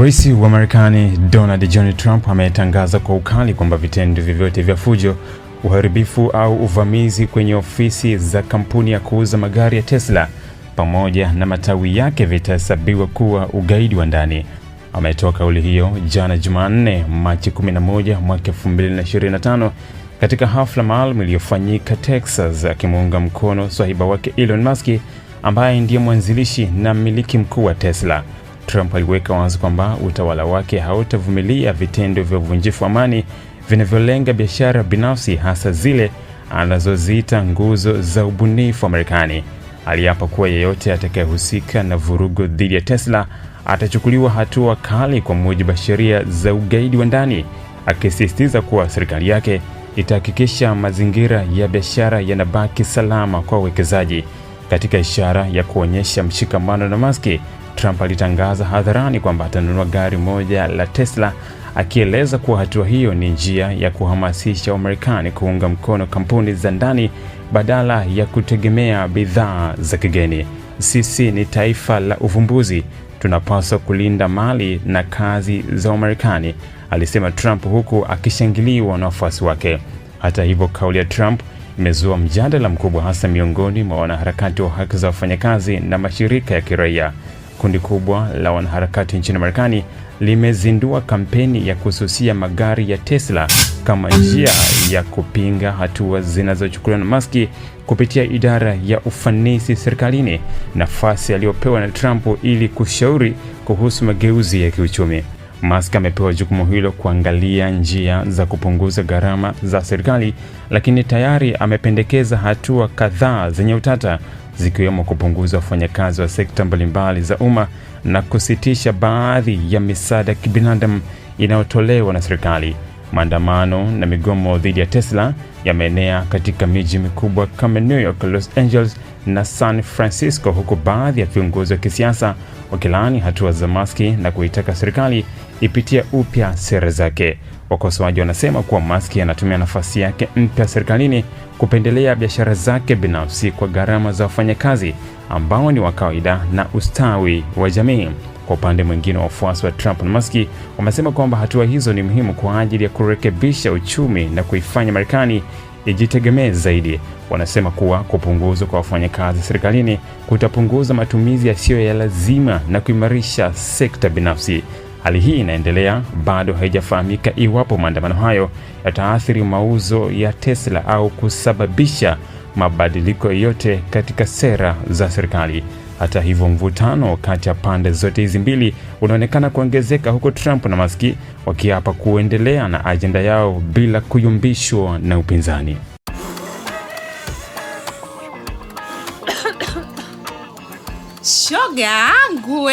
Rais wa Marekani Donald John Trump ametangaza kwa ukali kwamba vitendo vyovyote vya fujo, uharibifu au uvamizi kwenye ofisi za kampuni ya kuuza magari ya Tesla pamoja na matawi yake vitahesabiwa kuwa ugaidi wa ndani. Ametoa kauli hiyo jana Jumanne, Machi 11 mwaka 2025 katika hafla maalum iliyofanyika Texas, akimuunga mkono swahiba wake Elon Musk ambaye ndiye mwanzilishi na mmiliki mkuu wa Tesla. Trump aliweka wazi kwamba utawala wake hautavumilia vitendo vya uvunjifu wa amani vinavyolenga biashara binafsi, hasa zile anazoziita nguzo za ubunifu wa Marekani. Aliapa kuwa yeyote atakayehusika na vurugu dhidi ya Tesla atachukuliwa hatua kali kwa mujibu wa sheria za ugaidi wa ndani, akisisitiza kuwa serikali yake itahakikisha mazingira ya biashara yanabaki salama kwa wawekezaji. Katika ishara ya kuonyesha mshikamano na Musk, Trump alitangaza hadharani kwamba atanunua gari moja la Tesla, akieleza kuwa hatua hiyo ni njia ya kuhamasisha Wamarekani kuunga mkono kampuni za ndani badala ya kutegemea bidhaa za kigeni. Sisi ni taifa la uvumbuzi, tunapaswa kulinda mali na kazi za Wamarekani, alisema Trump huku akishangiliwa na wafuasi wake. Hata hivyo, kauli ya Trump imezua mjadala mkubwa hasa miongoni mwa wanaharakati wa haki za wafanyakazi na mashirika ya kiraia. Kundi kubwa la wanaharakati nchini Marekani limezindua kampeni ya kususia magari ya Tesla kama njia ya kupinga hatua zinazochukuliwa na Musk kupitia idara ya ufanisi serikalini, nafasi aliyopewa na Trump ili kushauri kuhusu mageuzi ya kiuchumi. Musk amepewa jukumu hilo kuangalia njia za kupunguza gharama za serikali, lakini tayari amependekeza hatua kadhaa zenye utata zikiwemo kupunguza wafanyakazi wa sekta mbalimbali za umma na kusitisha baadhi ya misaada ya kibinadamu inayotolewa na serikali. Maandamano na migomo dhidi ya Tesla yameenea katika miji mikubwa kama New York, Los Angeles na San Francisco, huku baadhi ya viongozi wa kisiasa wakilaani hatua za maski na kuitaka serikali ipitia upya sera zake. Wakosoaji wanasema kuwa maski anatumia nafasi yake mpya serikalini kupendelea biashara zake binafsi kwa gharama za wafanyakazi ambao ni wa kawaida na ustawi wa jamii. Kwa upande mwingine, wafuasi wa Trump na Musk wamesema kwamba hatua hizo ni muhimu kwa ajili ya kurekebisha uchumi na kuifanya Marekani ijitegemee zaidi. Wanasema kuwa kupunguzwa kwa wafanyakazi serikalini kutapunguza matumizi yasiyo ya lazima na kuimarisha sekta binafsi. Hali hii inaendelea, bado haijafahamika iwapo maandamano hayo yataathiri mauzo ya Tesla au kusababisha mabadiliko yoyote katika sera za serikali. Hata hivyo, mvutano kati ya pande zote hizi mbili unaonekana kuongezeka huko, Trump na Maski wakiapa kuendelea na ajenda yao bila kuyumbishwa na upinzani. Shoga yangu,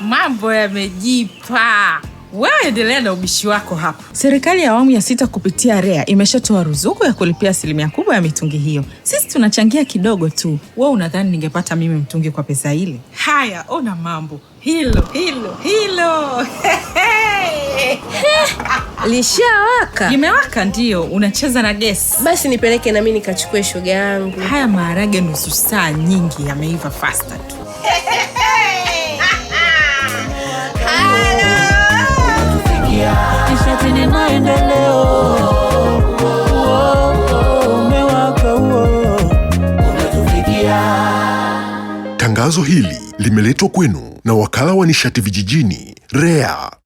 mambo yamejipa. Wewe endelea na ubishi wako hapa Serikali ya awamu ya sita kupitia REA imeshatoa ruzuku ya kulipia asilimia kubwa ya mitungi hiyo. Sisi tunachangia kidogo tu. Wewe unadhani ningepata mimi mtungi kwa pesa ile? Haya, ona mambo hilo hilo hilo. Lishawaka, imewaka. Ndio unacheza na gesi. Basi nipeleke nami nikachukue shoga yangu. Haya maharage nusu saa nyingi yameiva fasta tu. ni maendeleo Tangazo hili limeletwa kwenu na wakala wa nishati vijijini REA.